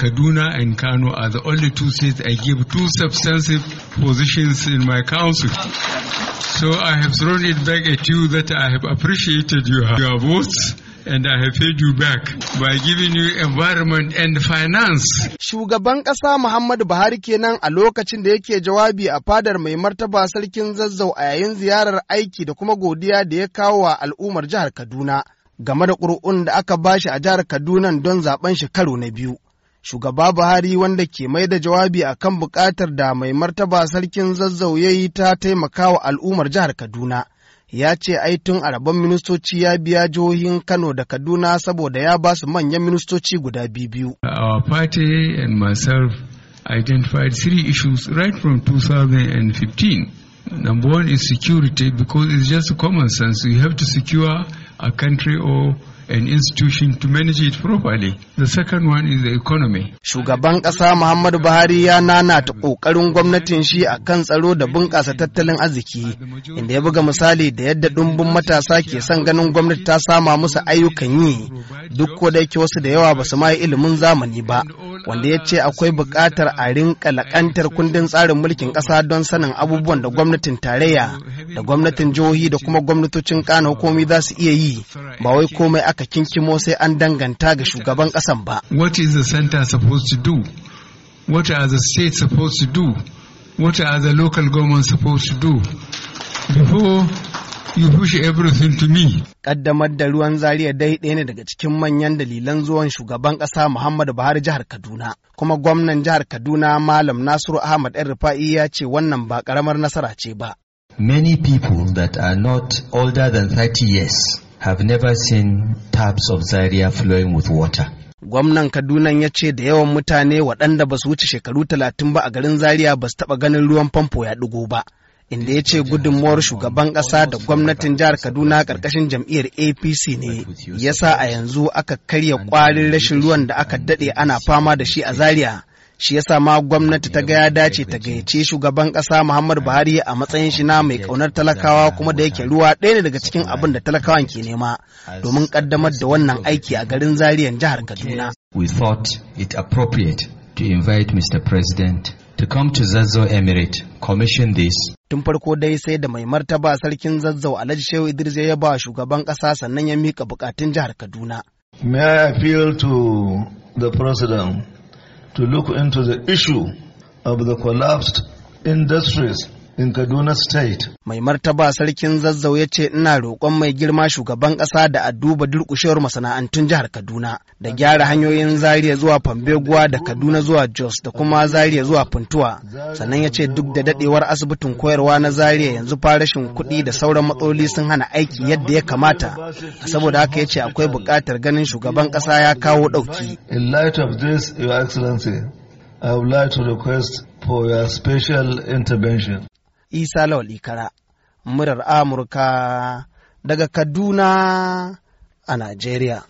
Kaduna and Kano are the only two states I give two substantive positions in my council. So I have thrown it back at you that I have appreciated your, your votes. and I have paid you back by giving you environment and finance. Shugaban ƙasa Muhammadu Buhari kenan a lokacin da yake jawabi a fadar mai martaba sarkin zazzau a yayin ziyarar aiki da kuma godiya da ya kawo wa al'ummar jihar Kaduna game da ƙuri'un da aka bashi a jihar Kaduna don zaben shekaru na biyu. shugaba Buhari wanda ke mai da jawabi a kan buƙatar da mai martaba sarkin zazzau ya yi ta taimakawa al'ummar jihar Kaduna. Ya ce ai tun araban ministoci ya biya jihohin Kano da Kaduna saboda ya ba su manyan ministoci guda biyu. Our party and myself identified three issues right from 2015. Number one is security because it's just common sense. You have to secure a country or an institution to manage it properly. The second one is the economy. Shugaban ƙasa Muhammadu Buhari ya nanata ƙoƙarin gwamnatin shi a kan tsaro da bunƙasa tattalin arziki, inda ya buga misali da yadda ɗumbin matasa ke son ganin gwamnati ta sama musu ayyukan yi, duk ko da yake wasu da yawa ba su ma yi ilimin zamani ba. wanda ya ce akwai buƙatar a rinƙa laƙantar kundin tsarin mulkin ƙasa don sanin abubuwan da gwamnatin tarayya da gwamnatin jihohi da kuma gwamnatocin kana hukumi za su iya yi ba wai komai aka kinkimo sai an danganta ga shugaban ƙasan ba. What is the center supposed to do? What are the state supposed to do? What the local government supposed to do? Before you push everything to me. Kaddamar da ruwan Zaria dai ɗaya ne daga cikin manyan dalilan zuwan shugaban ƙasa Muhammadu Buhari jihar Kaduna. Kuma gwamnan jihar Kaduna Malam Nasiru Ahmad ɗan Rufa'i ya ce wannan ba ƙaramar nasara ce ba. Many people that are not older than 30 years have never seen taps of Zaria flowing with water. Gwamnan Kaduna ya ce da yawan mutane waɗanda ba su wuce shekaru talatin ba a garin Zaria ba su taɓa ganin ruwan famfo ya ɗigo ba. inda ya ce gudunmuwar shugaban ƙasa da gwamnatin jihar kaduna ƙarƙashin jam'iyyar apc ne yasa a yanzu aka karya ƙwarin rashin ruwan da aka daɗe ana fama da shi a zaria shi yasa ma gwamnati ta ga ya dace ta gayyace shugaban kasa Muhammadu Buhari a matsayin shi na mai kaunar talakawa kuma da yake ruwa ɗaya ne daga cikin abin da talakawan ke nema domin kaddamar da wannan aiki a garin Zariyan jihar Kaduna. We thought it appropriate to invite Mr. President to come to Zazzau Emirate commission this. Tun farko dai sai da mai martaba sarkin Zazzau Alhaji Shehu Idris ya ba shugaban kasa sannan ya mika bukatun jihar Kaduna. May I appeal to the president to look into the issue of the collapsed industries in Kaduna State. Mai martaba sarkin zazzau ya ce ina roƙon mai girma shugaban ƙasa da a duba durƙushewar masana'antun jihar Kaduna da gyara hanyoyin Zariya zuwa Fambeguwa da Kaduna zuwa Jos da kuma Zariya zuwa Funtuwa. Sannan ya ce duk da daɗewar asibitin koyarwa na Zariya yanzu fa rashin kuɗi da sauran matsaloli sun hana aiki yadda ya kamata. Saboda haka ya ce akwai buƙatar ganin shugaban ƙasa ya kawo ɗauki. In light of this, Your Excellency, I would like to request for your special intervention. isa Lawali Kara, murar amurka daga kaduna a najeriya